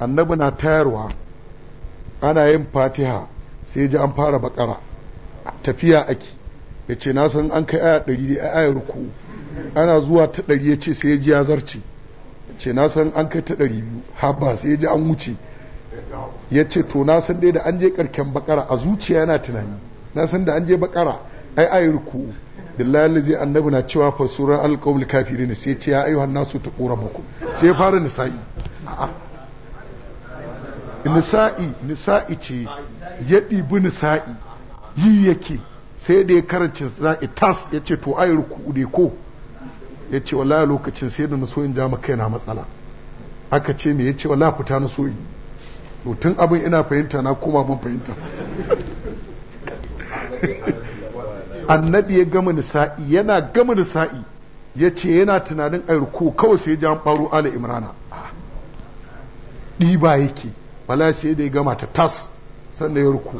annabi na tayarwa ana yin fatiha sai ji an fara bakara tafiya ake ya ce na san an kai aya ɗari da aya ruku ana zuwa ta ɗari ya ce sai ji ya zarce ce na san an kai ta ɗari biyu haba sai ji an wuce ya ce to na san dai da an je karken bakara a zuciya yana tunani na san da an je bakara ai ai ruku billahi allazi annabi na cewa fa sura alqawl kafirin sai ce ya ayuha nasu taqurabukum sai fara nisa'i nisa'i nisa'i ce ya ɗibi nisa'i yi yake sai da ya karance za'i tas ya ce to ayi rukude ko ya ce wala lokacin sai da naso in kai na matsala aka ce me ya ce wala fita na so to tun abin ina fahimta na koma ban fahimta annabi ya gama nisa'i yana gama nisa'i ya ce yana tunanin ayi ruku kawai sai ya jama ɓaro ala imrana ɗiba yake wala sai da ya gama ta tas sannan ya ruku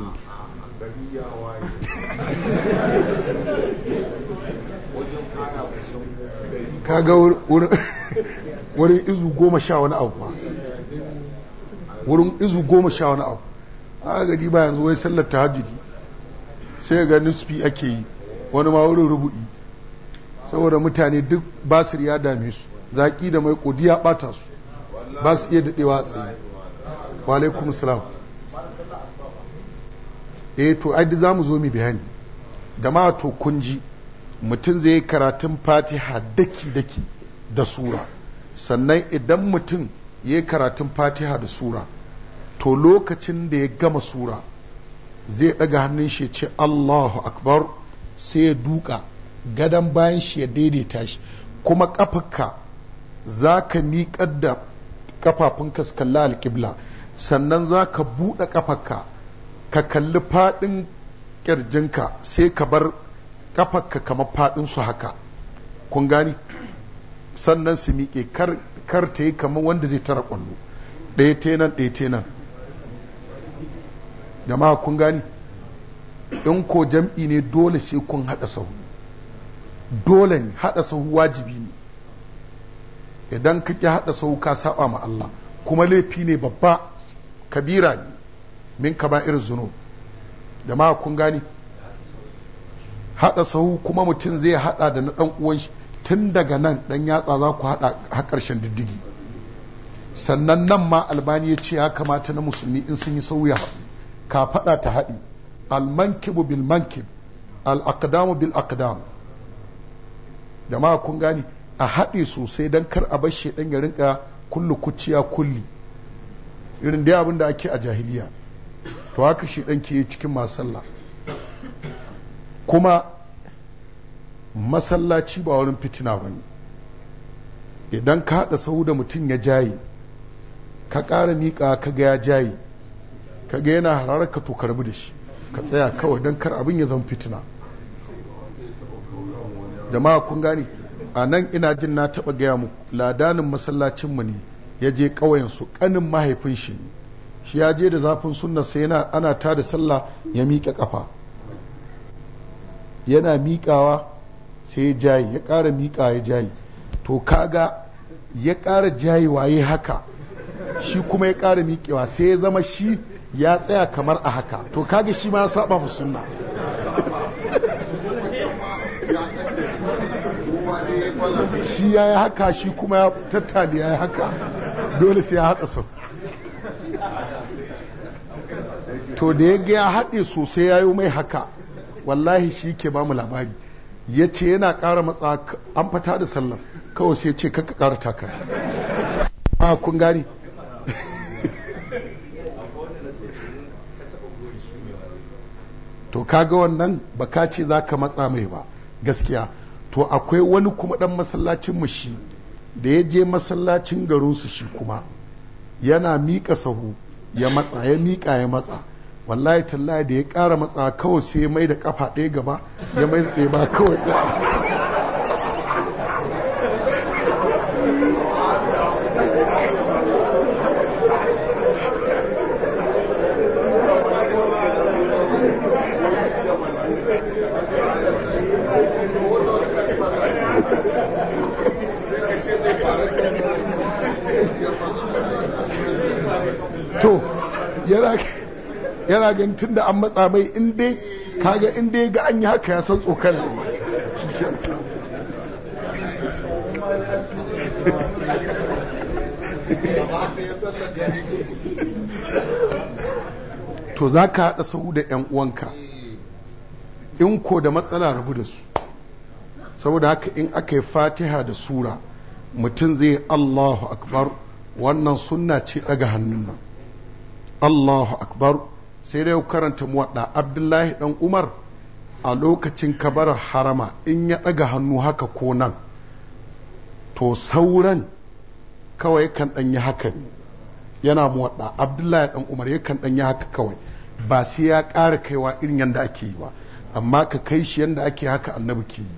kaga wurin izu goma sha wani abu ba wurin izu goma sha wani abu a gadi ba yanzu wai sallar ta hajji. sai ga nisfi ake yi wani ma wurin rubu'i saboda mutane duk basir ya dame su zaƙi da mai ƙodi ya ɓata su ba su iya daɗewa tsaye wa salam eh to ai za mu zo mu bayani da ma to kunji mutum zai yi karatun fatiha daki-daki da sura sannan idan mutum ya yi karatun fatiha da sura to lokacin da ya gama sura zai ɗaga hannun shi ce allahu akbar sai ya duka gadon bayan shi ya daidaita shi kuma ƙafarka za ka miƙar da ƙafafunka su kalla alƙibla sannan za ka buɗe ƙafarka ka kalli faɗin ƙirjinka sai ka bar ƙafarka kamar faɗin su haka kun gani sannan su miƙe kar, kar ta yi kamar wanda zai tara ƙwallo ɗaya te nan ɗaya te nan jama'a kun gani in ko jam'i ne dole sai kun haɗa sahu dole ne haɗa sahu wajibi ne idan ka ƙi haɗa sahu ka saba ma Allah kuma laifi ne babba kabira ne min zuno Da ma kun gani haɗa sahu kuma mutum zai haɗa da na ɗan uwan shi tun daga nan ɗan yatsa za ku haɗa har ƙarshen diddigi sannan nan ma albani ya ce ya kamata na musulmi in sun yi sauya ka faɗa ta haɗi almankibu bil mankib al'aqdamu bil aqdam ma kun gani a haɗe sosai don kar a bar shi ɗan ya rinka kullu kuciya kulli irin dai abin da ake a jahiliya to haka shi ɗan ke cikin masalla kuma masallaci ba wurin fitina ba ne idan ka haɗa sahu da mutum ya jayi ka ƙara miƙa ka ga ya jayi ka ga yana hararar ka to karbi da shi ka tsaya kawai don kar abin ya zama fitina jama'a kun gane a nan ina jin na taɓa gaya mu ladanin masallacinmu ne ya je su ƙanin mahaifin shi shi ya je da zafin sunna sai yana ana ta da sallah ya miƙa ƙafa yana miƙawa sai ya jayi ya ƙara miƙa ya jayi to kaga ya ƙara jayi waye haka shi kuma ya ƙara miƙewa sai ya zama shi ya tsaya kamar a haka to kaga shi ma ya saba mu sunna shi ya yi haka shi kuma ya tattali ya yi haka dole sai ya haɗa su to da ya ga ya haɗe sosai ya yi mai haka wallahi shi ke ba mu labari ya ce yana ƙara matsa an fata da sallar kawai sai ce kakka ƙara taka a ah, kun gani to kaga wannan baka ce za ka matsa mai ba gaskiya to akwai wani kuma ɗan masallacin mu shi da ya je masallacin garinsu shi kuma yana miƙa sahu ya matsa ya miƙa ya matsa wallahi tallahi da ya ƙara matsa kawai sai mai da ƙafa ɗaya gaba ya mai da ɗaya ba kawai to yana gani tun da an matsa mai inda kaga inda ga an yi haka ya san tsokar to za ka haɗa sau da 'yan uwanka in ko da matsala rabu da su saboda haka in aka yi fatiha da sura mutum zai allahu akbar wannan sunna ce daga hannun nan Allahu akbar sai dai karanta muwadda Abdullahi dan Umar a lokacin kabarar harama in ya ɗaga hannu haka ko nan to sauran kawai kan ɗan yi haka ne yana muwadda Abdullahi dan Umar yakan ɗan yi haka kawai ba sai ya ƙara kaiwa irin yanda ake yi ba amma ka kai shi yanda ake haka annabi ke yi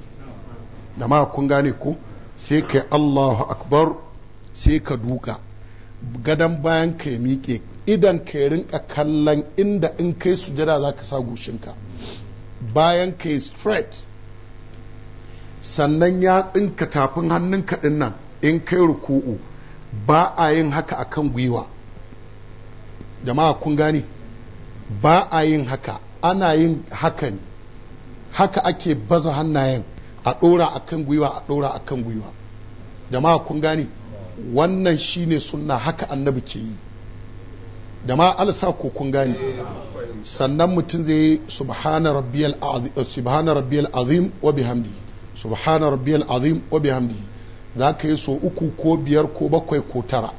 da ma kun gane ko sai kai Allahu akbar sai ka duka gadan bayan ka ya miƙe idan ka rinka kallon inda in kai sujada za ka sa gushinka bayan ka yi straight sannan ya tsinka tafin hannunka ɗin nan in kai ruku'u ba a yin haka akan gwiwa jama'a kun gane ba a yin haka ana yin haka ne haka ake baza hannayen a ɗora akan gwiwa a ɗora akan gwiwa jama'a kun gane wannan shine sunna haka annabi ke yi da ma alsa ko kun gane sannan mutum zai yi subhana rabbiyal azim eh, subhana rabbiyal azim wa bihamdi subhana rabbiyal azim wa bihamdi za ka yi so uku ko biyar ko bakwai ko tara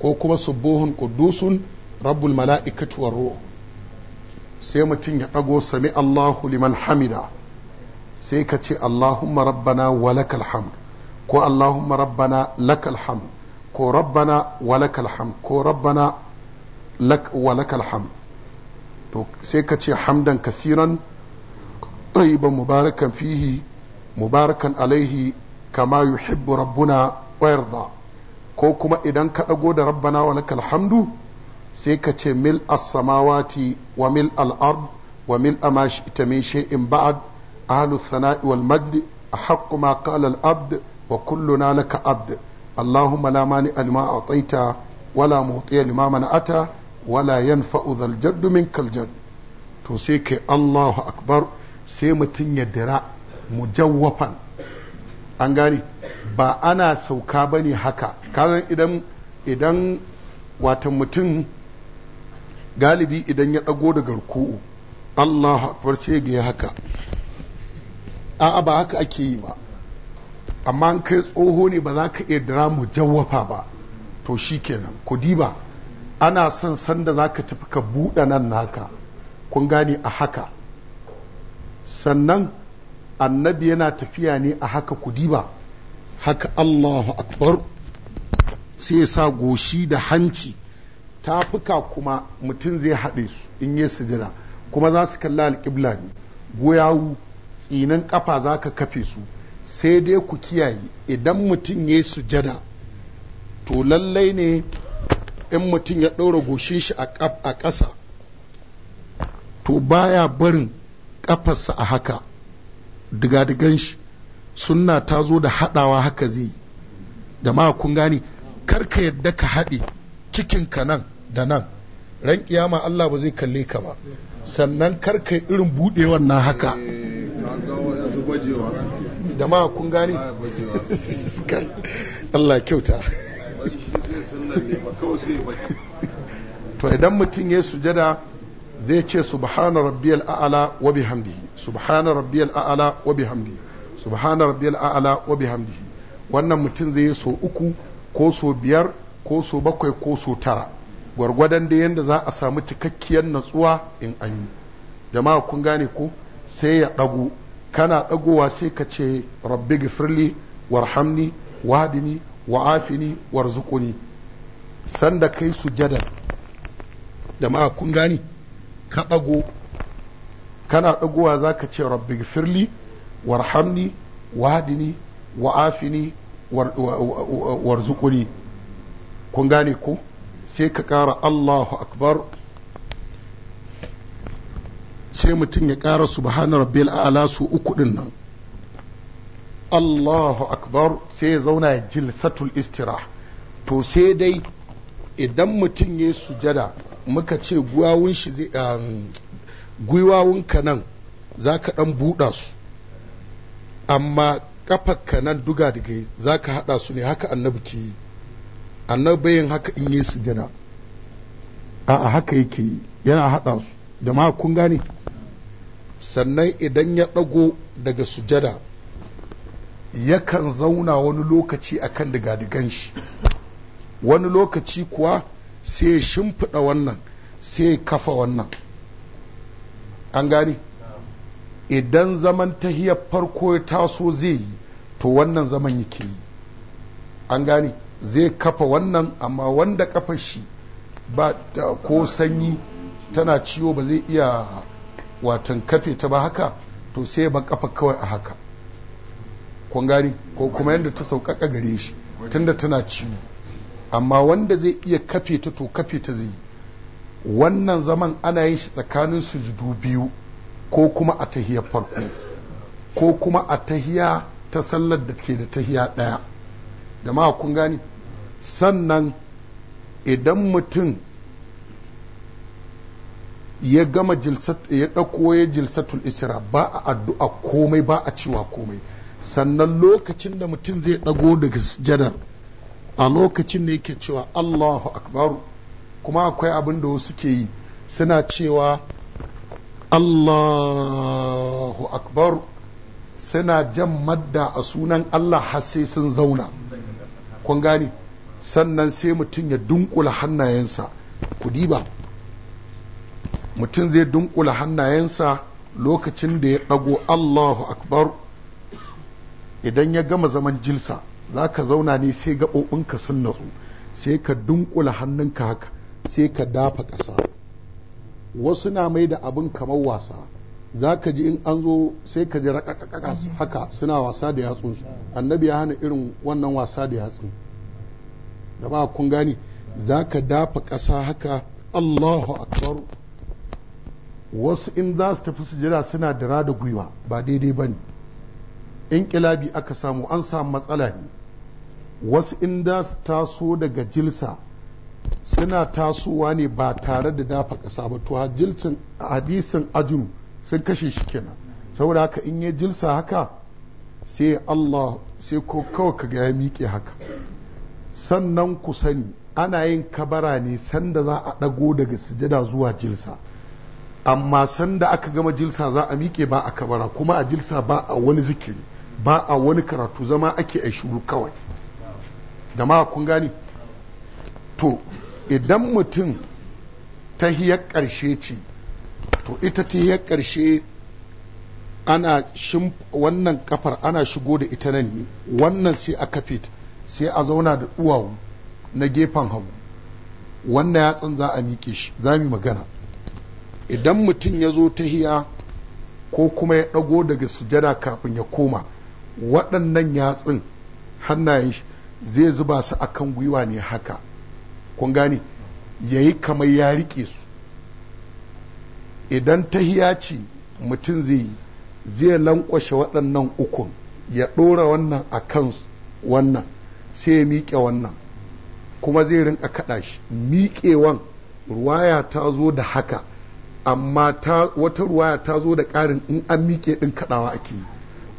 ko kuma subuhun qudusun rabbul mala'ikatu war ruh sai mutum ya dago sami Allahu liman hamida sai ka ce Allahumma rabbana wa lakal hamd ko Allahumma rabbana lakal hamd ko rabbana wa lakal hamd ko rabbana lak wa lakal ham to sai ka ce hamdan kasiran tayyiban mubarakan fihi mubarakan alaihi kama yuhibbu rabbuna wa ko kuma idan ka ɗago da rabbana wa lakal hamdu sai ka ce mil as-samawati wa mil al-ard wa mil ma shi'ta min shay'in ba'd ahlu sana'i wal majd أحق ما قال العبد وكلنا لك عبد اللهم لا مانع لما أعطيت ولا معطي لما منعت wala yan zal jaddu minkal to sai kai Allahu akbar sai mutum ya dira jawafan. an gane ba ana sauka bane haka kazan idan idan watan mutum galibi idan ya ɗago daga ruku'u Allahu akbar sai ga haka a'a ba haka ake yi ba amma kai tsoho ne ba za ka iya dira mujawwafa ba to shi kenan ku diba ana son sanda za ka tafi ka buɗe nan naka kun gane a haka sannan annabi yana tafiya ne a haka ku diba haka allahu akbar sai ya sa goshi da hanci tafuka kuma mutum zai haɗe su in yi sujira kuma za su kalla alƙibla ne goyawu tsinin ƙafa za ka kafe su sai dai ku kiyaye idan mutum ya sujada to lallai ne in mutum ya ɗaura goshin shi a ƙasa to baya barin ƙafarsa a haka digadigan shi sunna ta zo da haɗawa haka zai da ma kun gane karka yadda ka haɗe cikinka nan da nan ran kiyama Allah ba zai kalle ka ba sannan karka irin buɗewar eh, na haka da ma kun gane Allah kyauta to idan mutum ya sujada zai ce subhana rabbiyal a'ala wa bihamdihi subhana rabbiyal a'ala wa bihamdihi subhana rabbiyal a'ala wa bihamdihi wannan mutum zai yi so uku ko so biyar ko so bakwai ko so tara gwargwadon da yadda za a samu cikakkiyar natsuwa in an yi jama'a kun gane ko sai ya ɗago kana ɗagowa sai ka ce rabbi gifirli warhamni wadini wa afini sanda kai sujada ma kun gani ka dago kana dagowa zaka ce rabbi firli warhamni wahdini wa afini warzuquni kun gane ko sai ka ƙara Allahu akbar sai mutum ya ƙara subhana rabbil a'la su uku din nan Allahu akbar sai zauna jilsatul istira to sai dai idan mutum ya sujada muka ce um, gwiwawunka nan za ka ɗan buɗa su amma ka nan duga daga za ka haɗa su ne haka annabi ke yi annabi yin haka in yi sujada a haka yake yi yana haɗa su da ma kun gane sannan idan ya ɗago daga sujada yakan zauna wani lokaci akan digadigan shi wani lokaci kuwa sai ya shimfiɗa wannan sai ya kafa wannan an gani idan zaman tahiyar farko ya taso zai yi to wannan zaman yake yi an gani zai kafa wannan amma wanda kafa shi ba ko sanyi tana ciwo ba zai iya watan kafe ta ba haka to sai ban kafa kawai a haka kun ko kuma yadda ta sauƙaƙa gare shi tunda tana ciwo amma wanda zai iya kafe ta to kafe ta zai wannan zaman ana yin shi tsakanin sujudu biyu ko kuma a tahiyar farko ko kuma a tahiya ta sallar da ke da tahiya ɗaya jama'a kun gani sannan idan mutum ya gama ya ɗauko ya jilsatul isra ba a addu'a komai ba a cewa komai sannan lokacin da mutum zai ɗago daga sujadar a lokacin ne yake cewa Allahu akbaru kuma akwai abin da wasu ke yi suna cewa Allahu akbar suna jan madda a sunan Allah har sai sun zauna kun gani sannan sai mutum ya dunkula hannayensa ku diba mutum zai dunkula hannayensa lokacin da ya ɗago Allahu akbar idan ya gama zaman jilsa za ka zauna ne sai gaɓoɓinka sun natsu sai ka dunkula hannunka haka sai ka dafa ƙasa wasu na mai da abin kamar wasa za ka ji in an zo sai ka ji raƙaƙaƙa haka suna wasa da yatsunsu annabi ya hana irin wannan wasa da yatsun da ba kun gane za ka dafa ƙasa haka allahu akbar wasu in za su tafi sujada suna dira da gwiwa ba daidai ba ne inkilabi aka samu an samu matsala ne wasu inda su taso daga jilsa suna tasowa ne ba tare da dafa ƙasa ba to jilsin hadisin ajin sun kashe shi kenan saboda haka in ya jilsa haka sai Allah sai ko kawai ka ga ya miƙe haka sannan ku sani ana yin kabara ne sanda za a ɗago daga sujada zuwa jilsa amma sanda aka gama jilsa za a miƙe ba a kabara kuma a jilsa ba a wani zikiri ba a wani karatu zama ake a shuru kawai da ma kun gani to idan mutum ta ƙarshe ce to ita ta ƙarshe ana shim wannan kafar ana shigo da ita nan ne wannan sai a kafe sai a zauna da duwawu na gefen hagu wannan yatsan za a miƙe shi za mu magana idan mutum ya zo ta hiya ko kuma ya ɗago daga sujada kafin ya koma waɗannan yatsun hannayen shi zai zuba su akan gwiwa ne haka kun gane yi kamar ya riƙe su idan ta hiyaci mutum zai yi zai lankwashe waɗannan ukun ya ɗora wannan a kan wannan sai ya miƙe wannan kuma zai rinka kaɗa shi miƙewan ruwaya ta zo da haka amma wata ruwaya ta zo da ƙarin in an miƙe ɗin kaɗawa ake yi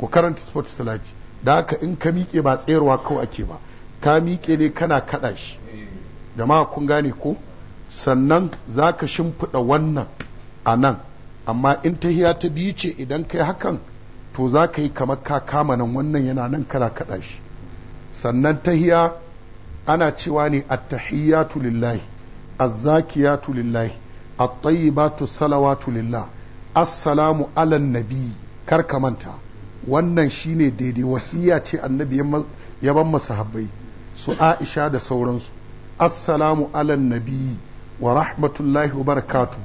ku karanta sport salati da haka in ka miƙe ba tserowa kawai ake ba ka miƙe ne kana kaɗa shi jama'a kun gane ko sannan za ka shimfiɗa wannan a nan amma in tahiya ta biyu ce idan ka yi hakan to za ka yi kamar ka kama nan wannan yana nan kana kaɗa shi sannan tahiya ana cewa ne a attahiyatu lillahi azzakiyatu lillahi at-tayyibatu salawatu lillah assalamu ala nabi kar ka manta wannan shine daidai wasiya ce annabi ya ban masahabbai su aisha da sauransu assalamu ala nabi wa rahmatullahi wa barakatu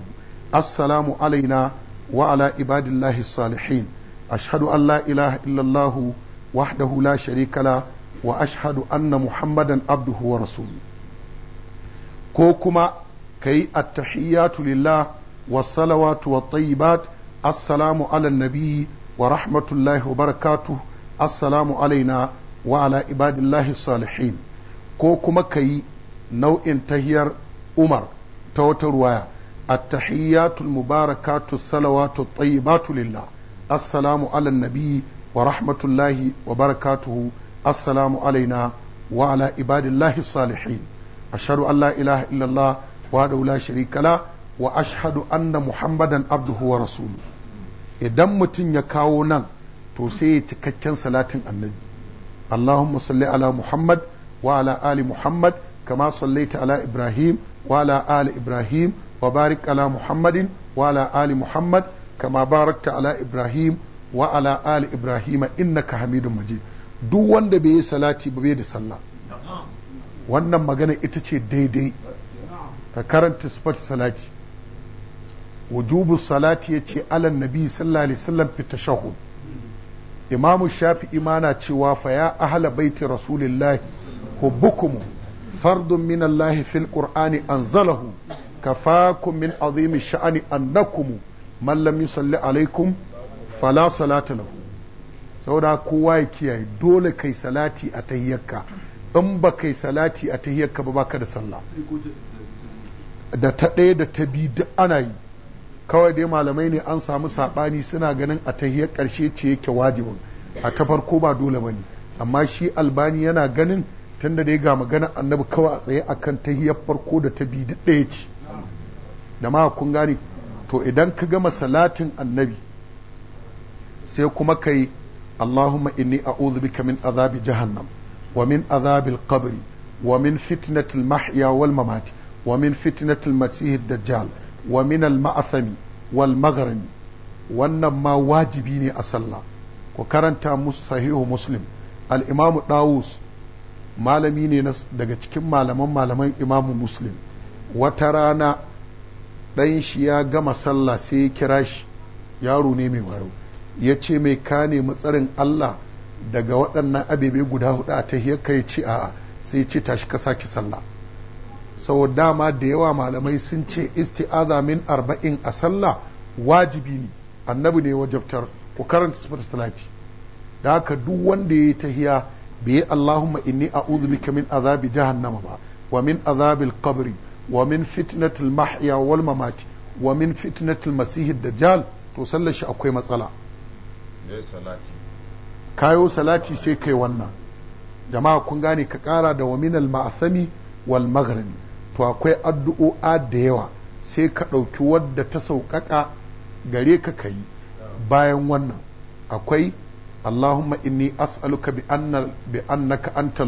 assalamu alaina wa ala ibadillahi salihin ashhadu an la ilaha illallah wahdahu la sharika la wa ashhadu anna muhammadan abduhu wa rasuluhu ko kuma kayi at-tahiyyatu lillah wa salawatu wat tayyibat assalamu ala nabi ورحمة الله وبركاته السلام علينا وعلى عباد الله الصالحين كوكما كي نوع تهير عمر توتر ويا التحيات المباركات الصلوات الطيبات لله السلام على النبي ورحمة الله وبركاته السلام علينا وعلى عباد الله الصالحين أشهد أن لا إله إلا الله وحده لا شريك له وأشهد أن محمدا عبده ورسوله idan mutum ya kawo nan to sai ya cikakken salatin annabi Allahumma salli ala Muhammad wa ala ali Muhammad kama sallaita ala Ibrahim wa ala ali Ibrahim wa barik ala Muhammadin wa ala ali Muhammad kama barakta ala Ibrahim wa ala ali Ibrahim innaka Hamidum Majid duk wanda bai yi salati ba bai da sallah wannan magana ita ce daidai ka karanta sifat salati wujubu salati ya ce alan nabi sallallahu alaihi wasallam fi tashahhud imam shafi'i mana cewa fa ya ahla baiti rasulillahi hubbukum fardun min allahi fil qur'ani anzalahu kafakum min azimi sha'ani annakum man lam yusalli alaikum fala salata lahu saboda kowa ya kiyaye dole kai salati a tahiyyarka in ba kai salati a tahiyyarka ba baka da sallah da ta ɗaya da ta biyu duk ana yi kawai dai malamai ne an samu saɓani suna ganin a tahiyar ƙarshe ce yake wajibin a ta farko ba dole bane amma shi albani yana ganin tunda dai ga magana annabi kawai a tsaye akan tahiyar farko da ta bi duk ɗaya ce da ma kun gane to idan ka gama salatin annabi sai kuma kai Allahumma inni a'udhu bika min azabi jahannam wa min azabil qabri wa min fitnatil mahya wal mamati wa min fitnatil masihid dajjal wa min al-ma'athami wal wannan ma wajibi ne a sallah ku karanta musu sahihu muslim al-imamu dawus malami ne daga cikin malaman malaman imamu muslim wata rana ɗan shi ya gama sallah sai ya kira shi yaro ne mai wayo ya ce mai kane matsarin Allah daga waɗannan abebe guda hudu a ta ya ce a'a sai ce tashi ka saki sallah Sau dama da yawa malamai sun ce isti'aza min arba'in a sallah wajibi ne annabi ne wajabtar ku karanta sifar salati da haka duk wanda ya yi tahiya bai yi Allahumma inni a'udhu bika min azabi jahannama ba wa min azabil qabri wa min fitnatil mahya wal mamati wa min fitnatil masihid dajjal to sallar shi akwai matsala kayo salati sai kai wannan jama'a kun gane ka kara da waminal ma'asami wal maghrami to akwai addu'o'a da yawa sai ka ɗauki wadda ta sauƙaƙa gare ka ka yi bayan wannan akwai allahumma inni as'aluka bi anna bi annaka anta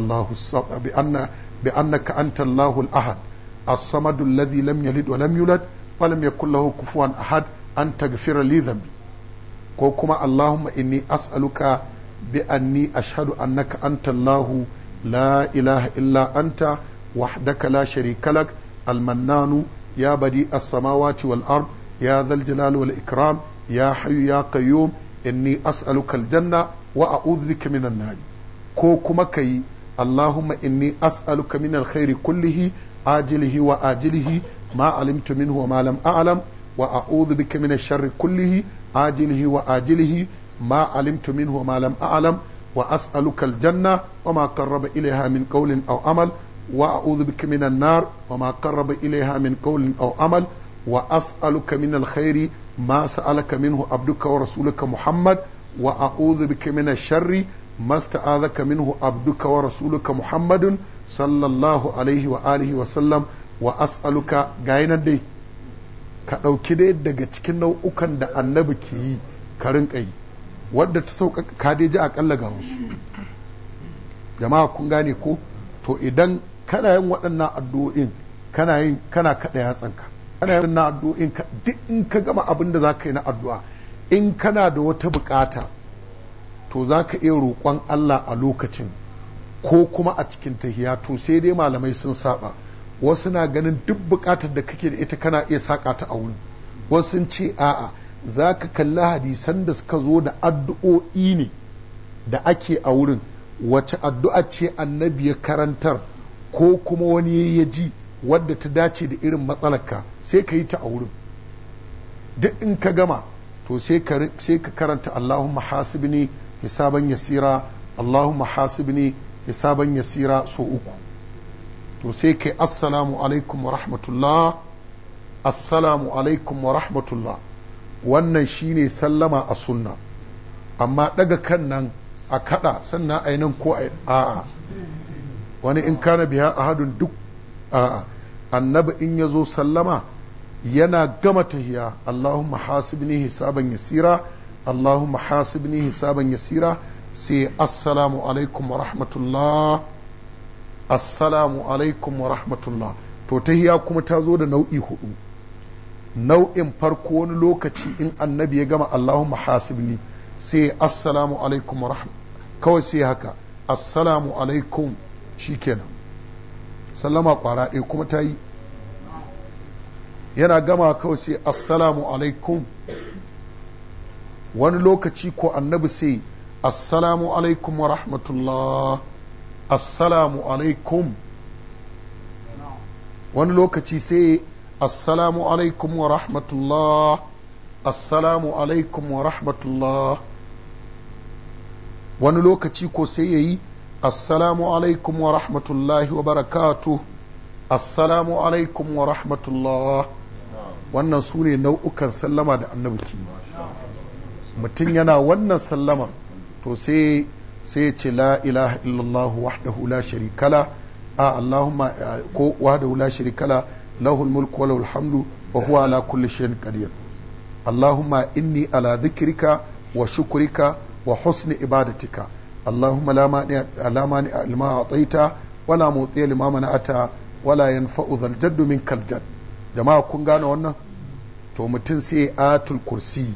bi anna bi annaka anta ahad as-samad alladhi lam yalid wa lam yulad wa lam yakul lahu kufuwan ahad an taghfira li dhanbi ko kuma allahumma inni as'aluka bi anni ashhadu annaka anta la ilaha illa anta وحدك لا شريك لك المنان يا بديء السماوات والأرض يا ذا الجلال والإكرام يا حي يا قيوم إني أسألك الجنة وأعوذ بك من النار كوكما كي اللهم إني أسألك من الخير كله آجله وآجله ما علمت منه وما لم أعلم وأعوذ بك من الشر كله آجله وآجله ما علمت منه وما لم أعلم وأسألك الجنة وما قرب إليها من قول أو عمل wa a'udhu bika nar wa ma qarraba ilayha min qawlin aw amal wa as'aluka min al-khayr ma sa'alaka minhu abduka wa rasuluka Muhammad wa a'udhu bika min ash-sharr ma sta'adhaka minhu abduka rasuluka Muhammad sallallahu alayhi wa alihi wa sallam wa as'aluka gainan dai ka dauki dai daga cikin nau'ukan da annabi ke yi ka rinka yi ta sauka kadeji a kallaga musu jama'a kun gane ko to idan kana yin waɗannan addu'o'in kana yin kana kada yatsanka kana yin waɗannan addu'o'in ka duk in ka gama abin da zaka yi na addu'a in kana da wata buƙata, to zaka iya roƙon Allah a lokacin ko kuma a cikin tahiya to sai dai malamai sun saba wasu na ganin duk buƙatar da kake da ita kana iya saka ta a wuri. wasu ce a'a zaka kalli hadisan da suka zo da addu'o'i ne da ake a wurin wace addu'a ce annabi ya karantar ko kuma wani ya ji wadda ta dace da irin matsalarka sai ka yi ta a wurin duk in ka gama to sai ka karanta Allahumma ya hisaban yasira ne ya hisaban yasira so uku to sai kai assalamu alaikum wa rahmatullah assalamu alaikum wa rahmatullah wannan shine sallama a sunna amma daga kan nan a kada sannan a ko a a'a wani in kana biya a ahadun duk a'a annabi in yazo sallama yana gama tahiya Allahumma hasibni hisaban yasira Allahumma hasibni hisaban yasira sai assalamu alaikum wa rahmatullah assalamu alaikum wa rahmatullah to tahiya kuma ta zo da nau'i hudu nau'in farko wani lokaci in annabi ya gama Allahumma hasibni sai assalamu alaikum wa rahmatullah kawai sai haka assalamu alaikum shikenan sallama kwara ɗaya kuma ta yi yana gama kawai sai assalamu alaikum wani lokaci ko annabi sai assalamu alaikum wa rahmatullah assalamu alaikum wani lokaci sai assalamu alaikum wa rahmatullah assalamu alaikum wa rahmatullah wani lokaci ko sai ya yi assalamu alaikum wa rahmatullahi wa barakatu assalamu alaikum wa wannan su ne nau'ukan sallama da annabi ke mutum yana wannan sallamar to sai sai ya ce la ilaha illallah wahdahu la sharikala a allahumma ko wahdahu la sharikala lahul mulku wa lahul hamdu wa huwa ala kulli shay'in qadir allahumma inni ala dhikrika wa shukrika wa husni ibadatika اللهم لا مانع لا مانع لما اعطيت ولا موطي لما منعت ولا ينفع ذا الجد منك الجد جماعه كون غانا wannan to mutun sai atul kursi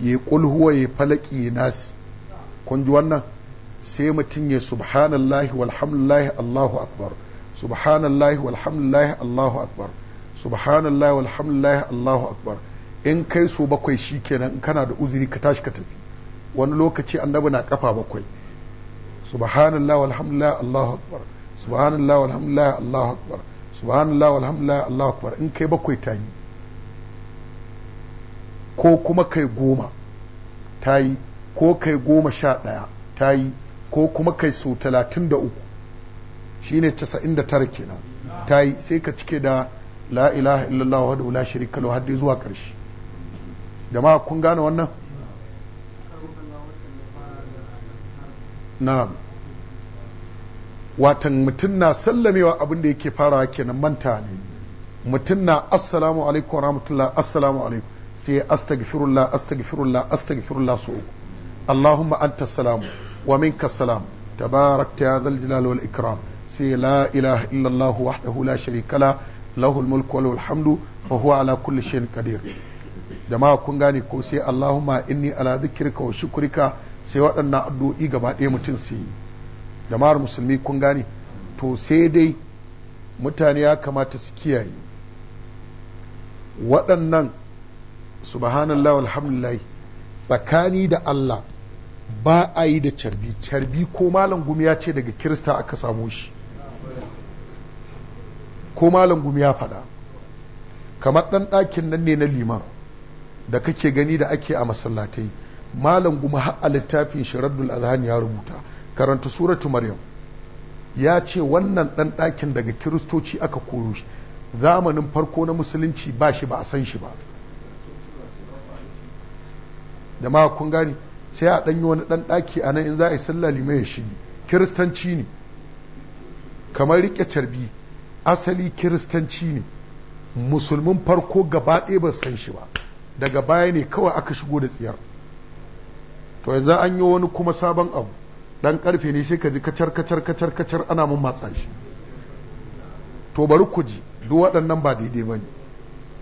ya kul huwa ya falaki nas kun ji wannan sai mutun ya subhanallahi walhamdulillahi Allahu akbar subhanallahi walhamdulillahi Allahu akbar subhanallahi walhamdulillahi Allahu akbar in kai so bakwai shikenan in kana da uzuri ka tashi ka tafi wani lokaci annabi na kafa bakwai subhanallah walhamdulillah allahu akbar subhanallah walhamdulillah allahu akbar subhanallah walhamdulillah allahu akbar in kai bakwai ta yi ko kuma kai goma ta yi ko kai goma sha ɗaya ta yi ko kuma kai su talatin da uku shine casa'in da tara kenan ta yi sai ka cike da la ilaha illallah wa la shirika lahu zuwa ƙarshe jama'a kun gane wannan na'am watan mutum na sallamewa abin da yake farawa kenan manta ne mutum na assalamu alaikum rahmatullah assalamu alaikum sai astaghfirullah astaghfirullah astaghfirullah su uku allahumma anta salam wa minka salam tabarakta ya zal jalal wal ikram sai la ilaha illa allah wahdahu la sharika la lahu mulku wa lahu al hamdu wa huwa ala kulli shay'in qadir jama'a kun gane ko sai allahumma inni ala dhikrika wa shukrika sai waɗannan addu'o'i gaba ɗaya mutum su yi jama'ar musulmi kun gane to sai dai mutane ya kamata su kiyaye waɗannan subhanallah alhamdulillah tsakani da Allah ba a yi da carbi carbi ko malam gumi ya ce daga kirista aka samu shi ko malam gumi ya faɗa kamar ɗan ɗakin nan ne na liman da kake gani da ake a masallatai malam guma har a littafin shiraddul azhan ya rubuta karanta suratu maryam ya ce wannan dan dakin daga kiristoci aka koyo shi zamanin farko na musulunci ba shi ba a san shi ba da ma kun gani sai a ɗanyi wani dan daki a nan in za a yi sallah limai ya shigi kiristanci ne kamar riƙe carbi asali kiristanci ne musulmin farko gaba ɗaya ba san shi ba daga baya ne kawai aka shigo da tsiyar to yanzu an yi wani kuma sabon abu dan karfe ne sai ka ji kacar kacar kacar kacar ana mun matsa shi to bari ku ji duk waɗannan ba daidai ba ne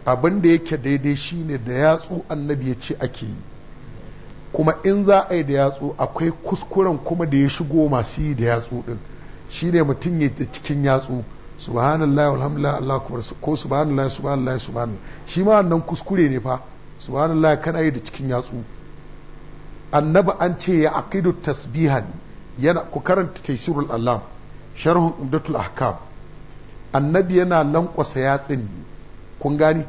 abin da yake daidai shine da yatsu annabi ya ce ake yi kuma in za a yi da yatsu akwai kuskuren kuma da ya shigo masu yi da yatsu din shine mutum ya da cikin yatsu subhanallah alhamdulillah Allah kuma ko subhanallah subhanallah subhanallah shi ma wannan kuskure ne fa subhanallah kana yi da cikin yatsu annabi an ce ya aqidu tasbihan yana ku karanta taysirul alam sharhun umdatul ahkam annabi yana lankwasa yatsin kun gani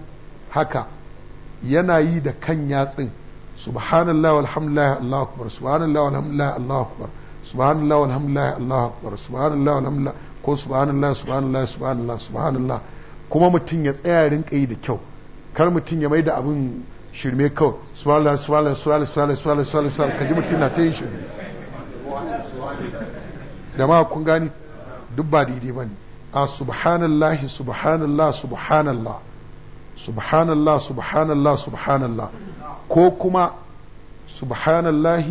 haka yana yi da kan yatsin subhanallah walhamdulillah allahu akbar subhanallah walhamdulillah allahu akbar subhanallah walhamdulillah allahu akbar subhanallah walhamdulillah ko subhanallah subhanallah subhanallah subhanallah kuma mutum ya tsaya rinka yi da kyau kar mutum ya maida abin shirme kawai swala swala swala swala swala swala swala kaji mutum na ta yin shirme da ma kun gani duk ba daidai ba ne a subhanallah subhanallah subhanallah subhanallah subhanallah subhanallah ko kuma subhanallah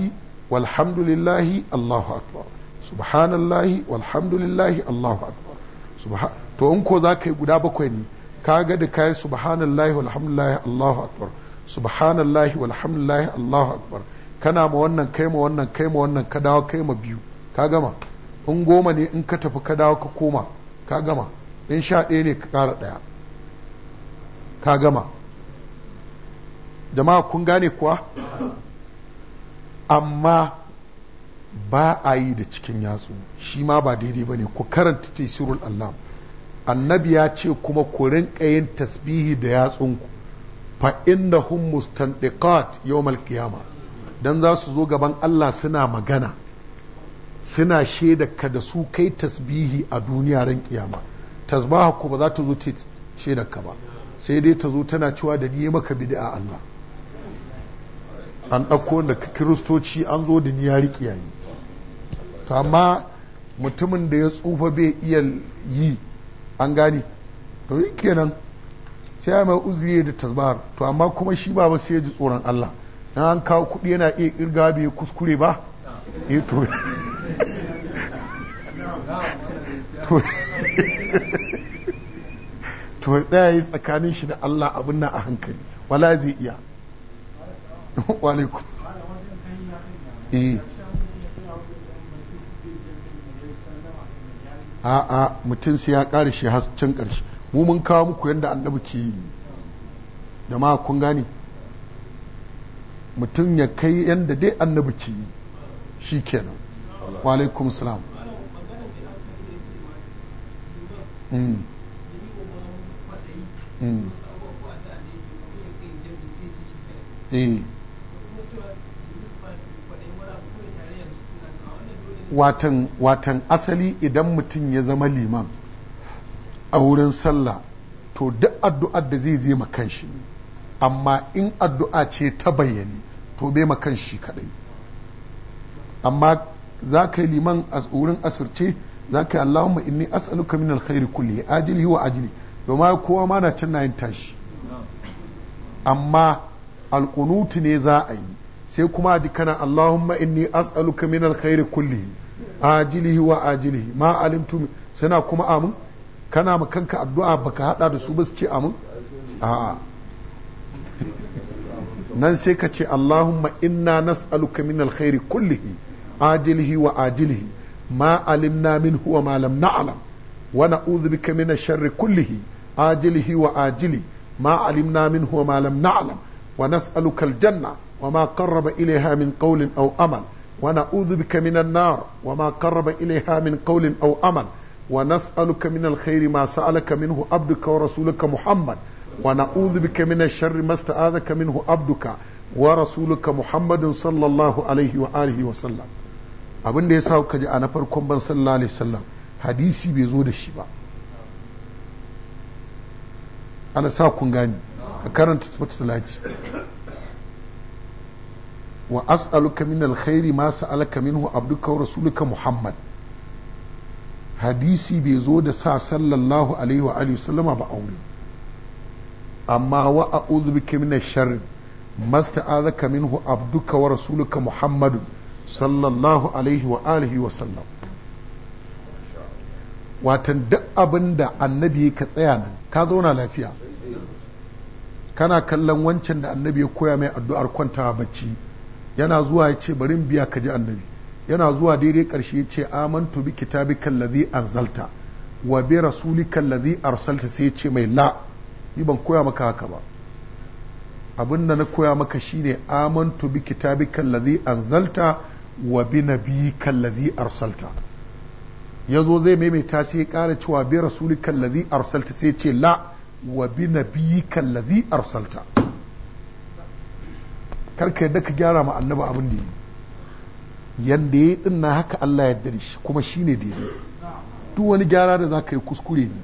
walhamdulillah Allahu akbar subhanallah walhamdulillah Allahu akbar to in ko za ka yi guda bakwai ne ka ga da ka yi subhanallah walhamdulillah Allahu akbar subhanallahi walhamdulillahi allahu akbar kana ma wannan kai ma wannan kai ma wannan ka dawo kai ma biyu ka gama in goma ne in ka tafi ka dawo ka koma ka gama in sha ɗaya ne ka ƙara ɗaya ka gama jama'a kun gane kuwa amma ba a yi da cikin yatsu shi ma ba daidai ba ne ku karanta tesirul allah annabi ya ce kuma ku rinƙa yin tasbihi da yatsunku fa innahum mustandiqat yawmal qiyama dan za su zo gaban Allah suna magana suna shaida ka da su kai tasbihi a duniya ran kiyama tasbaha ku ba za ta zo shaida ka ba sai dai ta zo tana cewa da ni maka bid'a Allah an ɗauko da kiristoci an zo da ni ya riƙe yi amma mutumin da ya tsufa bai iya yi an gani to yi kenan sai mai uzuri da tasbar to amma kuma shi ba ba sai ji tsoron Allah na an kawo kudi yana iya kirga bai kuskure ba eh to to ya yi tsakanin shi da Allah abin nan a hankali wala zai iya walaikum eh a mutum sai ya kare shi har can ƙarshe mu mun kawo muku yadda annabi ke yi da ma kun gane mutum ya kai yadda dai annabi ke yi shi kenan wa alaikum salam hmm. Hmm. Eh. watan asali idan mutum ya zama liman a wurin sallah to duk addu'a da zai je makan shi amma in addu'a ce ta bayyane to bai makan shi kadai amma za ka yi liman a wurin asirce za ka yi Allahumma inni as'aluka min alkhairi kulli ajili wa ajili domin kowa ma na can na yin tashi amma alƙunuti ne za a yi sai kuma ji kana Allahumma inni as'aluka min alkhairi kulli ajilihi wa ajili ma alimtu suna kuma amin kana ma kanka addu'a baka hada da su ba su ce amin a'a nan sai ka ce Allahumma inna nas'aluka min alkhairi kullihi ajilihi wa ajilihi ma alimna minhu wa ma lam na'lam wa na'udhu bika min sharri kullihi ajilihi wa ajili ma alimna minhu wa ma lam wa nas'aluka al-janna wa ma qarraba ilayha min qawlin aw amal wa na'udhu bika min nar wa ma qarraba ilayha min ونسألك من الخير ما سألك منه عبدك ورسولك محمد ونعوذ بك من الشر ما استعاذك منه عبدك ورسولك محمد صلى الله عليه وآله وسلم abin da ya sa kaji a na farkon ban sallallahu alaihi wasallam hadisi bai zo da shi ba ana sa kun gani ka karanta salaci wa as'aluka min alkhairi ma sa'alaka minhu abduka wa rasuluka muhammad hadisi bai zo da sa sallallahu alaihi wa alihi sallama ba aure amma wa a'udhu bika min sharri masta'azaka minhu abduka wa rasuluka muhammadu sallallahu alaihi wa alihi wa sallam watan duk abinda annabi ka tsaya nan ka zauna lafiya kana kallon wancan da annabi ya koya mai addu'ar kwantawa bacci yana zuwa ya ce bari biya ka ji annabi yana zuwa daidai ƙarshe ce amantu bi kitabi kallazi arzalta wa bi rasuli kallazi arsalta sai ce mai la ni ban koya maka haka ba abin da na koya maka shine amantu bi kitabi kallazi anzalta wa bi nabi kallazi arsalta yazo zai maimaita sai ya ƙara cewa bi rasuli kallazi arsalta sai ce la wa bi nabi kallazi arsalta karka yadda ka gyara ma annaba abin da yi yanda ya din na haka Allah ya dare shi kuma shine daidai duk wani gyara da zaka yi kuskure ne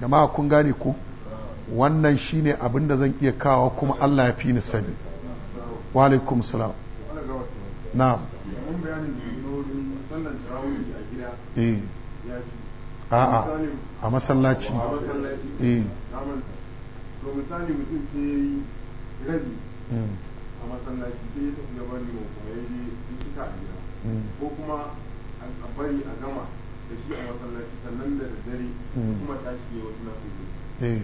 jama'a kun gane ko wannan shine abin da zan iya kawo kuma Allah ya fi ni sani wa alaikum salam na'am eh a'a a masallaci eh to misali mutum ce rabi hmm. a masallaci sai ya bari wa kuma ya je ta a gida mm. ko kuma a bari a gama da shi a masallaci sannan da daddare mm. kuma tashi ne wasu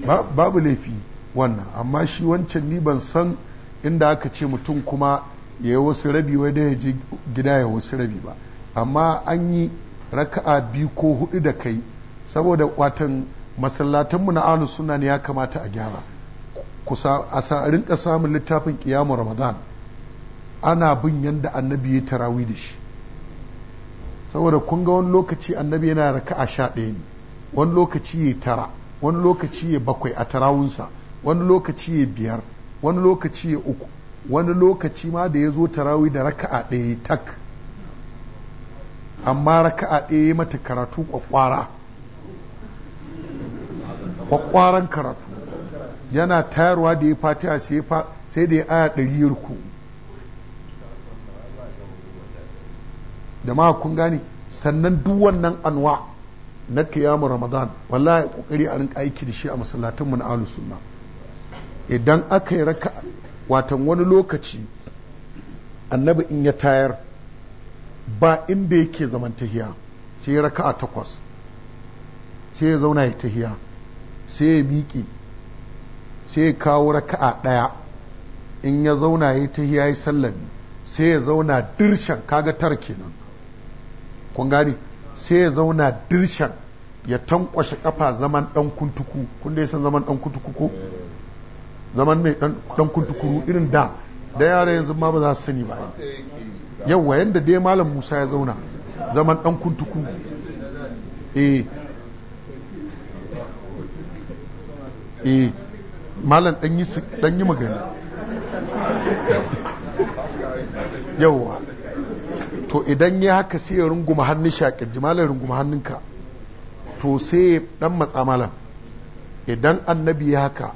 na eh, babu laifi wannan amma shi wancan ni ban san inda aka ce mutum kuma ya yi wasu rabi wai ya je gida ya wasu rabi ba amma an yi raka'a biyu ko hudu da kai saboda watan masallatanmu na alu suna ne ya kamata a gyara a rinka samun littafin ƙiyamu ramadan ana bin yadda annabi ya tarawi da shi saboda kun ga wani lokaci annabi yana raka a sha ɗaya ne wani lokaci ya tara wani lokaci ya bakwai a tarawunsa wani lokaci ya biyar wani lokaci ya uku wani lokaci ma da ya zo tarawi da raka'a ɗaya tak amma raka'a ɗaya mata karatu kwakwara kwakwaran karatu yana tayarwa da ya fata sai da ya aya ɗari da jama'a kun gane sannan duk wannan anwa na kiyamu ramadan wallahi kokari a rinka aiki da shi a masallatin na ahlus idan aka yi raka watan wani lokaci annabi in ya tayar ba in inda yake zamantahiya sai raka a takwas sai ya zauna ya tahiya sai ya miƙe sai ya kawo raka'a ɗaya in ya zauna ya ta ya yi sallami sai ya zauna dirshan kaga tar kenan kun gani sai ya zauna dirshan ya tankwashe kafa zaman dan kuntuku kun dai san zaman dan kuntuku ko zaman mai dan kuntuku irin da da yara yanzu ma ba za su sani ba yawa yanda dai malam Musa ya zauna zaman dan kuntuku eh eh malam dan yi magana yauwa to idan ya haka sai ya runguma hannun shaƙin ji malam runguma hannunka to sai ya dan matsa malam idan annabi ya haka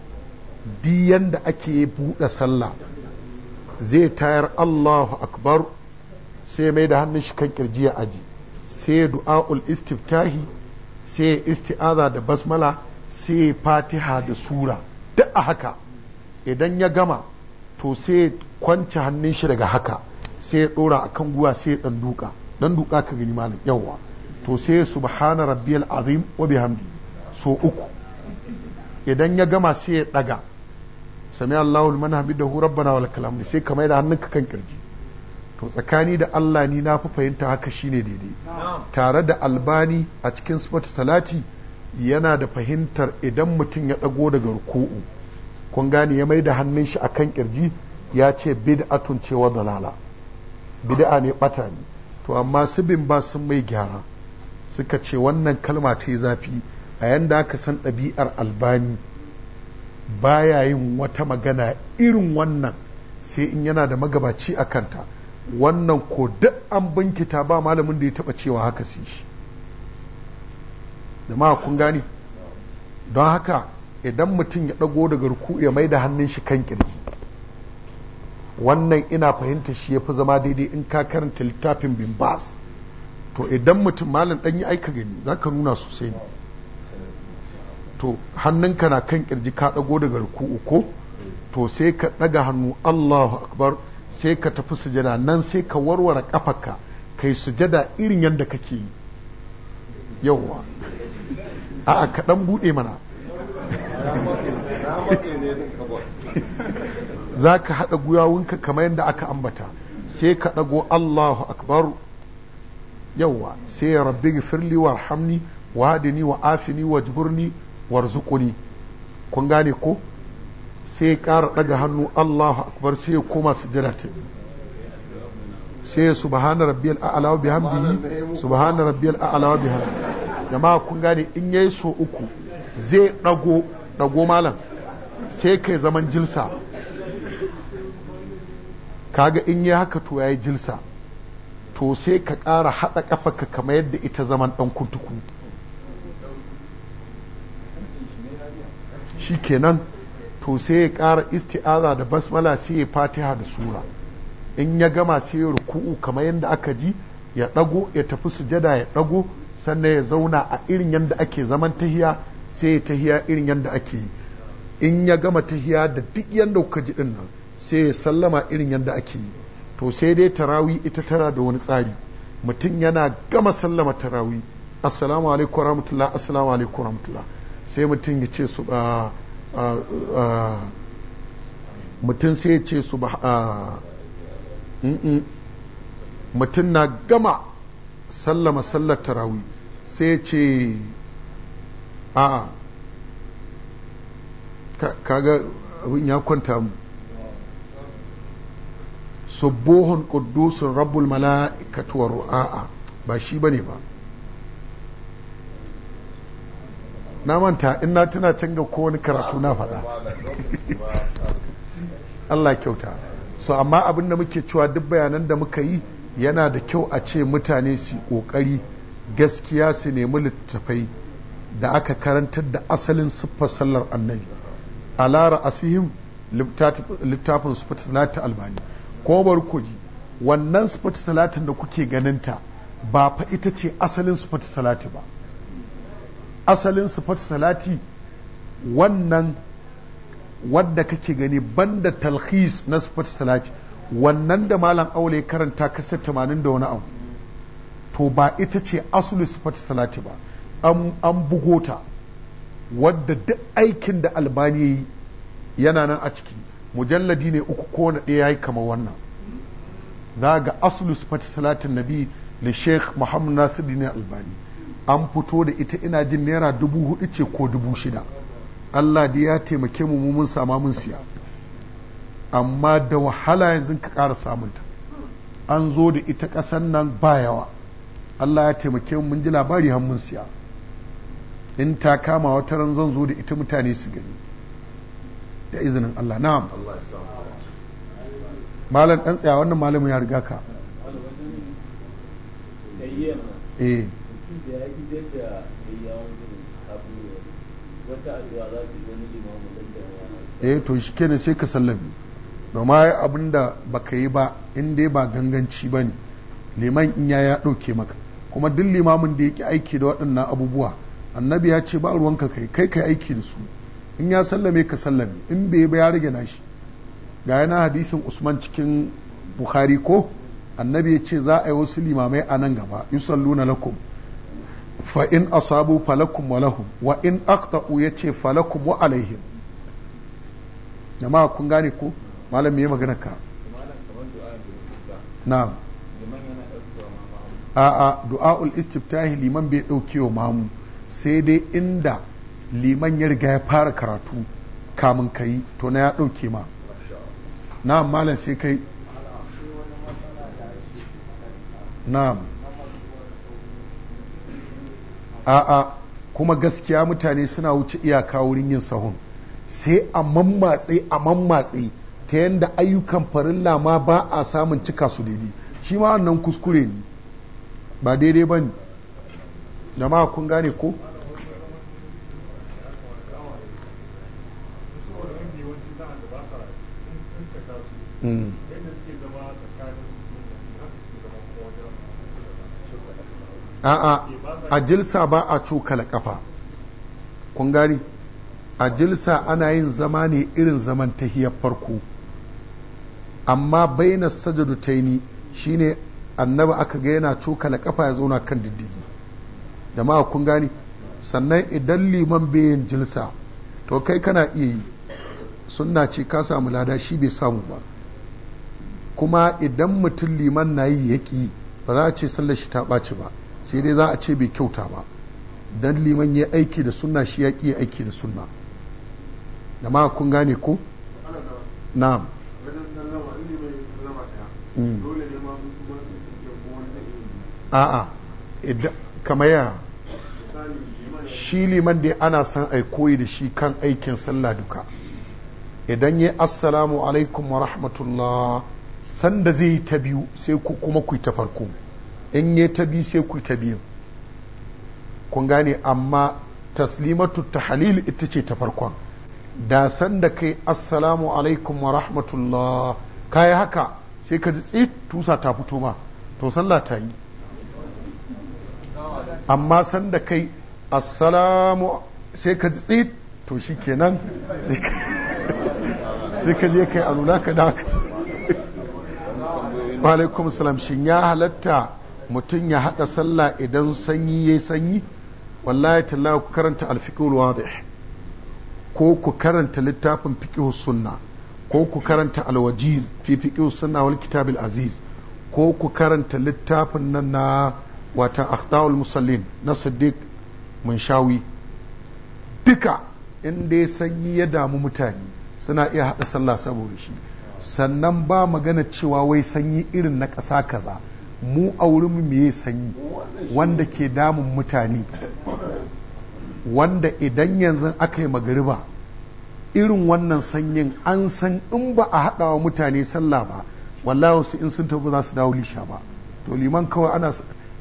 diyan da ake buɗe sallah zai tayar Allahu akbar sai mai da hannun shi kan kirji ya aji sai du'a'ul istiftahi sai isti'aza da basmala sai fatiha da sura duk a haka idan ya gama to sai kwanci hannun shi daga haka sai ya dora akan guwa sai ya dan duka dan duka ka gani malam yawa to sai subhana rabbiyal azim wa bihamdi so uku idan ya gama sai ya daga sami Allahu da rabbana wal kalam sai ka maida hannunka kan kirji to tsakani da Allah ni na fi fahimta haka shine daidai tare da albani a cikin sifatu salati yana da fahimtar idan mutum ya ɗago daga ruku'u kun gane ya mai da hannun shi a kan ƙirji. ya ce bid'atun cewa dalala bid'a ne ɓata ne to amma su bin ba sun mai gyara suka ce wannan kalma ce zafi a yanda aka san ɗabi'ar albani baya yin wata magana irin wannan sai in yana da magabaci a kanta wannan ko duk an binkita ba malamin da ya taɓa cewa haka sai shi jama'a kun gane don haka idan mutum ya ɗago daga ruku ya mai da hannun shi kan kirji wannan ina fahimta shi ya fi zama daidai in ka karanta littafin bin to idan mutum malam ɗan yi aika gani za ka nuna sosai ne to hannunka na kan kirji ka ɗago daga ruku ko to sai ka ɗaga hannu allahu akbar sai ka tafi sujada nan sai ka warware ka kai sujada irin yadda kake yi yawwa a'a ka bude mana za ka haɗa guyawunka kamar yadda aka ambata sai ka ɗago Allahu akbar yawa sai ya rabbi firli warhamni wadini wa afini wa jiburni warzuquni kun gane ko sai ƙara ɗaga hannu Allahu akbar sai ya koma sujada ta sai subhana rabbiyal a'la wa bihamdihi subhana rabbiyal a'la wa bihamdihi jama'a kun gane in ya yi so uku zai ɗago ɗago malam sai kai zaman jilsa kaga in yi haka to ya yi jilsa to sai ka ƙara haɗa ƙafarka kamar yadda ita zaman ɗan kuntuku shi kenan to sai ya ƙara isti'aza da basmala sai ya fatiha da sura in ya gama sai ya ruku'u kamar yadda aka ji ya ɗago ya tafi sujada ya ɗago sannan ya zauna a irin yadda ake zaman tahiya sai ya tahiya irin yadda ake yi in ya gama tahiya da duk yadda kuka ji din nan sai ya sallama irin yadda ake yi to sai dai tarawi ita tara da wani tsari mutum yana gama sallama tarawi assalamu alaikum rahmatullah assalamu alaikum rahmatullah sai mutum ya ce su ah, ah, ah, mutum sai ya ce su mutum na gama sallama sallar tarawi sai ce a'a kaga abin ya kwanta mu subuhun quddusun rabbul mala'ikatu wa ru'a'a ba shi ba ne ba na manta ina tana tuna canza ko wani karatu na faɗa Allah kyauta so amma abin da muke cewa duk bayanan da muka yi yana da kyau a ce mutane su ƙoƙari gaskiya su nemi littattafai da aka karantar da asalin siffar sallar annabi A lara ra'asihim littafin siffar salatin albani ko barkoji wannan siffar salatin da kuke ganinta ba fa ita ce asalin siffar salati ba asalin siffar salati wannan wadda kake gani banda talhis na siffar salati wannan da malam ya karanta kasar tamanin da wani abu to ba ita ce asulu sifatu salati ba an bugo ta wadda duk aikin da albani yi yana nan a ciki mujalladi ne uku ko na ɗaya yi kama wannan za ga asulu sifatu salatin nabi da sheikh muhammad nasiru ne albani an fito da ita ina jin naira dubu hudu ce ko dubu shida allah da ya taimake mu mun sama mun siya amma da wahala yanzu ka ƙara samunta an zo da ita ƙasan nan ba yawa Allah ya taimake mu mun ji labari har mun siya in ta kama wata ran zan zo da ita mutane su gani da izinin Allah na'am malam dan tsaya wannan malamin ya riga ka eh eh to shi kenan sai ka sallabi. ya abin da baka yi ba in ba ganganci ba ne liman in ya ɗauke maka kuma duk limamin da ya yake aiki da waɗannan abubuwa annabi ya ce ba ruwanka kai kai kai aiki da su in ya sallame ka sallame in bai ba ya rage nashi ga yana hadisin usman cikin bukhari ko annabi ya ce za a yi wasu limamai a nan gaba na lakum fa in asabu falakum wa lahum wa in ya ce falakum wa alaihim jama'a kun gane ko malam me magana ka na'am a'a du'a'ul istiftahi liman bai wa mamu sai dai inda liman ya riga ya fara karatu kamun kai to na ya dauke ma na'am malam sai kai na'am a'a kuma gaskiya mutane suna wuce iyaka wurin yin sahun sai a mammatse a mammatse ta yadda ayyukan farilla ma ba a samun cika su daidai shi ma wannan kuskure ne ba daidai ba ne jama'a kun gane ko hmm. a'a a jilsa ba a cokala kafa kun gani a jilsa ana yin zama ne irin zaman tahiyar farko amma baina sajadu taini shine annaba aka ga yana cokala kafa ya zauna kan diddigi jama'a kun gani sannan idan liman bayan jilsa to kai kana iya yi suna ce ka samu lada shi bai samu ba kuma idan mutum liman na yi yaƙi ba za a ce sallar shi ta ɓaci ba sai dai za a ce bai kyauta ba dan liman ya aiki da sunna shi ya ƙi aiki da sunna da ma kun gane ko na'am a'a a kamar ya shi liman da ana son aikoyi koyi da shi kan aikin sallah duka idan yi assalamu alaikum wa rahmatullah sanda zai yi ta biyu sai ku kuma ku ta farko in yi ta biyu sai ku ta biyu kun gane amma taslimatu ta halil ita ce ta farkon da sanda kai assalamu alaikum wa rahmatullah kayi haka sai ka ji tsit tusa ta fito ma to sallah ta yi amma san da kai assalamu sai ka ji tsit to shi kenan sai ka je kai aluna ka da alaikum salam shin ya halatta mutum ya hada sallah idan sanyi ya sanyi wallahi talla ku karanta alfiqul wadih ko ku karanta littafin fiqh sunna ko ku karanta alwajiz fi fiqh sunna wal kitab aziz ko ku karanta littafin nan na wata akhtaul musallin na siddiq munshawi duka in dai sanyi ya damu mutane suna iya hada sallah saboda shi sannan ba magana cewa wai sanyi irin na ƙasa kaza mu a wurin meye sanyi wanda ke damun mutane wanda idan yanzu aka yi magariba irin wannan sanyin an san in ba a haɗa wa mutane sallah ba wallahi su in sun tafi za su dawo lisha ba to liman kawai ana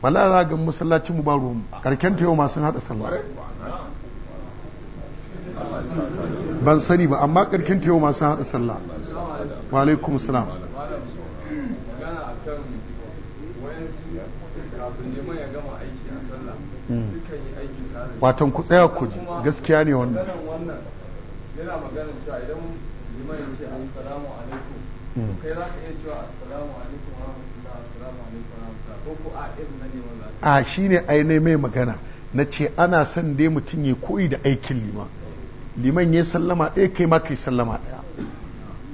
bala za ga masallacin mu ba ruwan karken ta yau ma sun haɗa sallah ban sani ba amma karken ta yau ma sun haɗa sallah wa alaikum salam hmm. watan ku tsaya ku ji gaskiya ne wannan yana magana cewa idan liman ya ce assalamu alaikum hmm. kai za ka iya cewa assalamu alaikum wa rahmatullah assalamu alaikum wa rahmatullah ko ko a irin na liman za a shine aine mai magana na ce ana son dai mutum ya koyi da aikin liman liman ya sallama ɗaya kai ma kai sallama ɗaya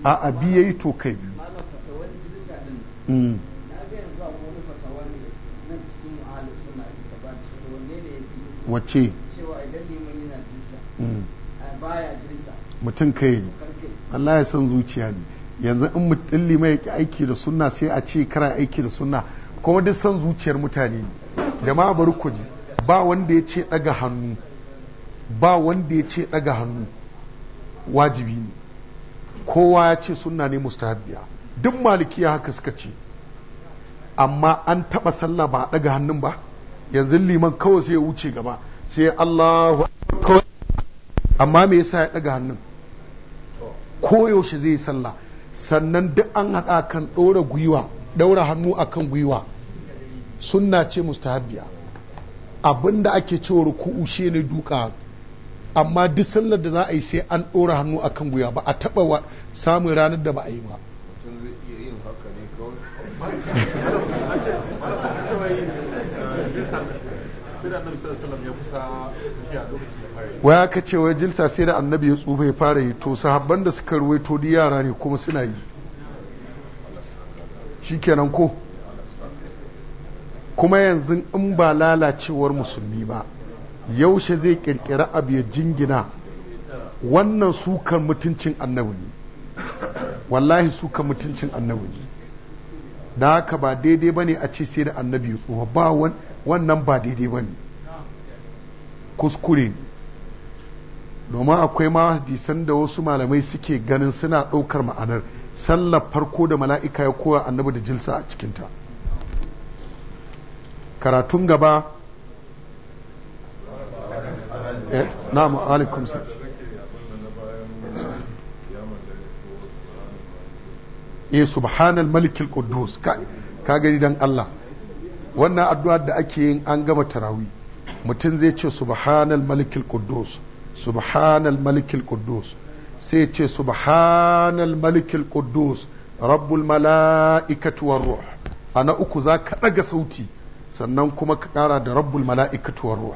a abi yi to kai hmm. biyu Wace. cewa idan liman yana jinsa hmm. mutum kai ne Allah ya san zuciya ne yanzu in mutum lima ya ki aiki da sunna sai a ce kara aiki da sunna kuma duk san zuciyar mutane ne ma bari ku ji ba wanda ya ce daga hannu ba wanda ya ce daga hannu wajibi ne kowa ya ce sunna ne mustahabbiya duk maliki ya haka suka ce amma an taba sallah ba a daga hannun ba yanzu liman kawai sai ya wuce gaba sai Allahu amma me yasa ya ɗaga hannun koyaushe zai yi sallah sannan duk an haɗa kan ɗora gwiwa ɗaura hannu akan gwiwa sunna ce mustahabbiya abinda ake cewa ruku'u shi ne duka amma duk sallar da za a yi sai an ɗora hannu akan gwiwa ba a taɓa samun ranar da ba a yi ba sai da annabi sallallahu alaihi wasallam ya kusa tafiya lokacin Waya ka ce wai jilsa sai da annabi ya tsufa ya fara yi to sahabban da suka ruwaito di yara ne kuma suna yi kenan ko kuma yanzu in ba lalacewar musulmi ba yaushe zai kirkira abu ya jingina wannan sukar mutuncin annabi ne wallahi sukar mutuncin annabi ne da haka ba daidai ba ne a ce sai da annabi ya tsufa ba wannan ba daidai ba ne kuskure ne domin akwai ma hadisan da wasu malamai suke ganin suna ɗaukar ma'anar sallar farko da mala'ika ya koya annabi da jilsa a cikinta karatun gaba eh na'am alaikum eh subhanal malikil quddus ka gani dan Allah wannan addu'ar da ake yin an gama tarawi mutum zai ce subhanal malikil quddus subhanal malikil quddus sai ce subhanal malikil quddus rabbul mala'ikatu war ruh ana uku za ka daga sauti sannan kuma ka kara da rabbul mala'ikatu war ruh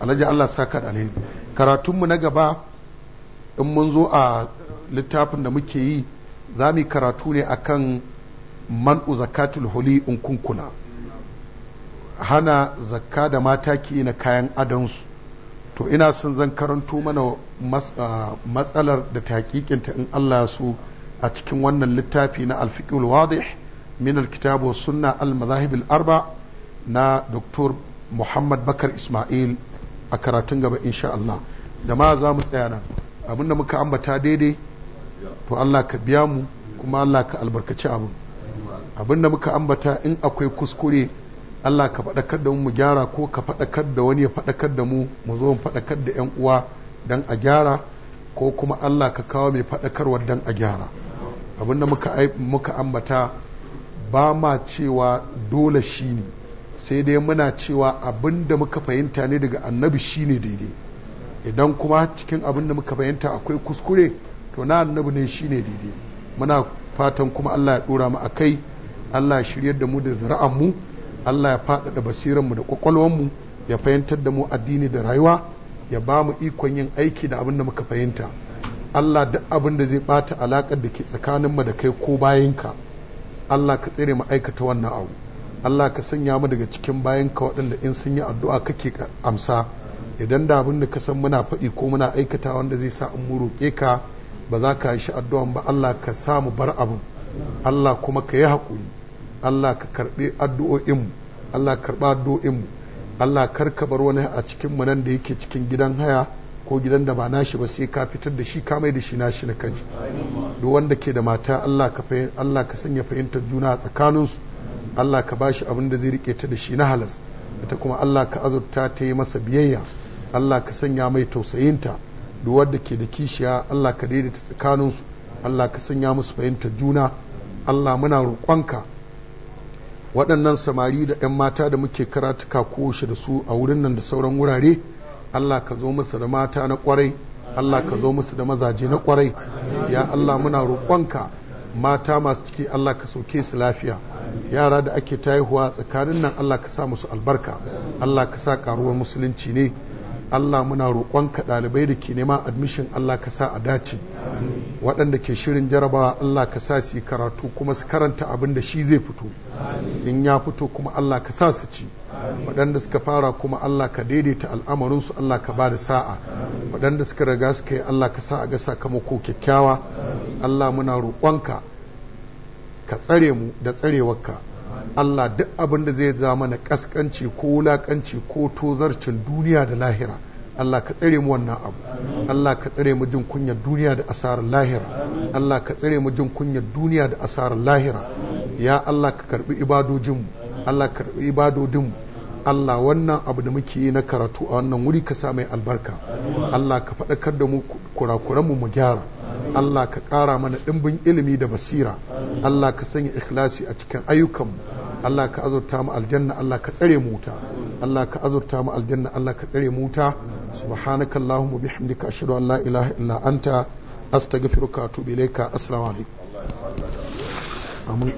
alhaji Allah saka da alheri karatunmu na gaba in mun zo a littafin da muke yi za mu karatu ne akan man'u zakatul huli in kunkuna hana zakka da mata ke na kayan adansu to ina son zan karanto mana matsalar da taƙiƙinta in Allah su a cikin wannan littafi na alfiƙul wadih min alkitab wa sunna al madahib arba na Dr. Muhammad Bakar Ismail a karatun gaba insha Allah da ma za mu tsaya nan abinda muka ambata daidai to Allah ka biya mu kuma Allah ka albarkaci abin abinda muka ambata in akwai kuskure Allah ka faɗakar da mu mu gyara ko ka faɗakar da wani ya faɗakar da mu mu zo mu faɗakar da 'yan uwa don a gyara ko kuma Allah ka kawo mai faɗakarwa dan a gyara abinda muka, muka ambata ba ma cewa dole shi ne sai dai muna cewa abinda muka fahimta ne daga annabi shi ne daidai idan kuma cikin abinda muka fahimta akwai kuskure to na annabi ne shi ne daidai muna fatan kuma Allah ya ɗora mu a kai Allah ya shiryar da mu da zira'an mu Allah ya faɗaɗa basiranmu da ƙwaƙwalwanmu ya fahimtar da mu addini da rayuwa ya ba mu ikon yin aiki da abin da muka fahimta Allah duk abin da zai ɓata alaƙar da ke tsakaninmu da kai ko bayanka Allah ka tsere mu aikata wannan abu Allah ka sanya mu daga cikin bayanka waɗanda in sun yi addu'a kake amsa idan da abin da ka san muna faɗi ko muna aikata wanda zai sa in mu roƙe ka ba za ka yi shi addu'an ba Allah ka sa mu bar abin Allah kuma ka yi haƙuri Allah ka karɓi addu'o'inmu Allah karɓa addu'o'inmu Allah ka bar wani a cikin mu nan da yake cikin gidan haya ko gidan da ba nashi ba sai ka fitar da shi ka mai da shi nashi na kanshi duk wanda ke da mata Allah ka sanya fahimtar juna a tsakaninsu Allah ka bashi abin da zai rike ta da shi na halas ita kuma Allah ka azurta ta yi masa biyayya Allah ka sanya mai tausayinta duk wanda ke da kishiya Allah ka daidaita tsakaninsu Allah ka sanya musu fahimtar juna Allah muna roƙonka waɗannan samari da 'yan mata da muke karatuka kowace da su a wurin nan da sauran wurare Allah ka zo musu da mata na kwarai Allah ka zo musu da mazaje na kwarai ya Allah muna roƙonka mata masu ciki Allah ka sauke su lafiya yara da ake taihuwa tsakanin nan Allah ka sa musu albarka Allah ka sa karuwar musulunci ne Allah muna roƙonka ɗalibai da ke nema admission Allah ka sa a dace waɗanda ke shirin jarabawa Allah ka sa su yi karatu kuma su karanta abin da shi zai fito in ya fito kuma Allah ka sa su ci waɗanda suka fara kuma Allah ka daidaita al'amarinsu Allah ka ba da sa'a waɗanda suka riga suka yi Allah ka sa a ga sakamako kyakkyawa Allah muna roƙonka ka tsare mu da tsarewarka Allah duk abin da zai zama na kaskanci ko wulakanci ko tozarcin duniya da lahira Allah ka tsare mu wannan abu Allah ka tsare mu jin kunyar duniya da asarar lahira Allah ka tsare mu jin kunyar duniya da asarar lahira ya Allah ka karbi ibadojinmu Allah ka karbi ibadodinmu Allah wannan abu da muke yi na karatu a wannan wuri ka sa mai albarka Allah ka faɗakar da mu kurakuranmu mu gyara Allah ka ƙara mana ɗimbin ilimi da basira Allah ka sanya ikhlasi a cikin ayyukanmu Allah ka azurta mu aljanna Allah ka tsare mu wuta Allah ka azurta mu aljanna Allah ka tsare mu wuta allahumma bihamdika ashhadu an la ilaha illa anta astaghfiruka wa atubu ilayka assalamu alaikum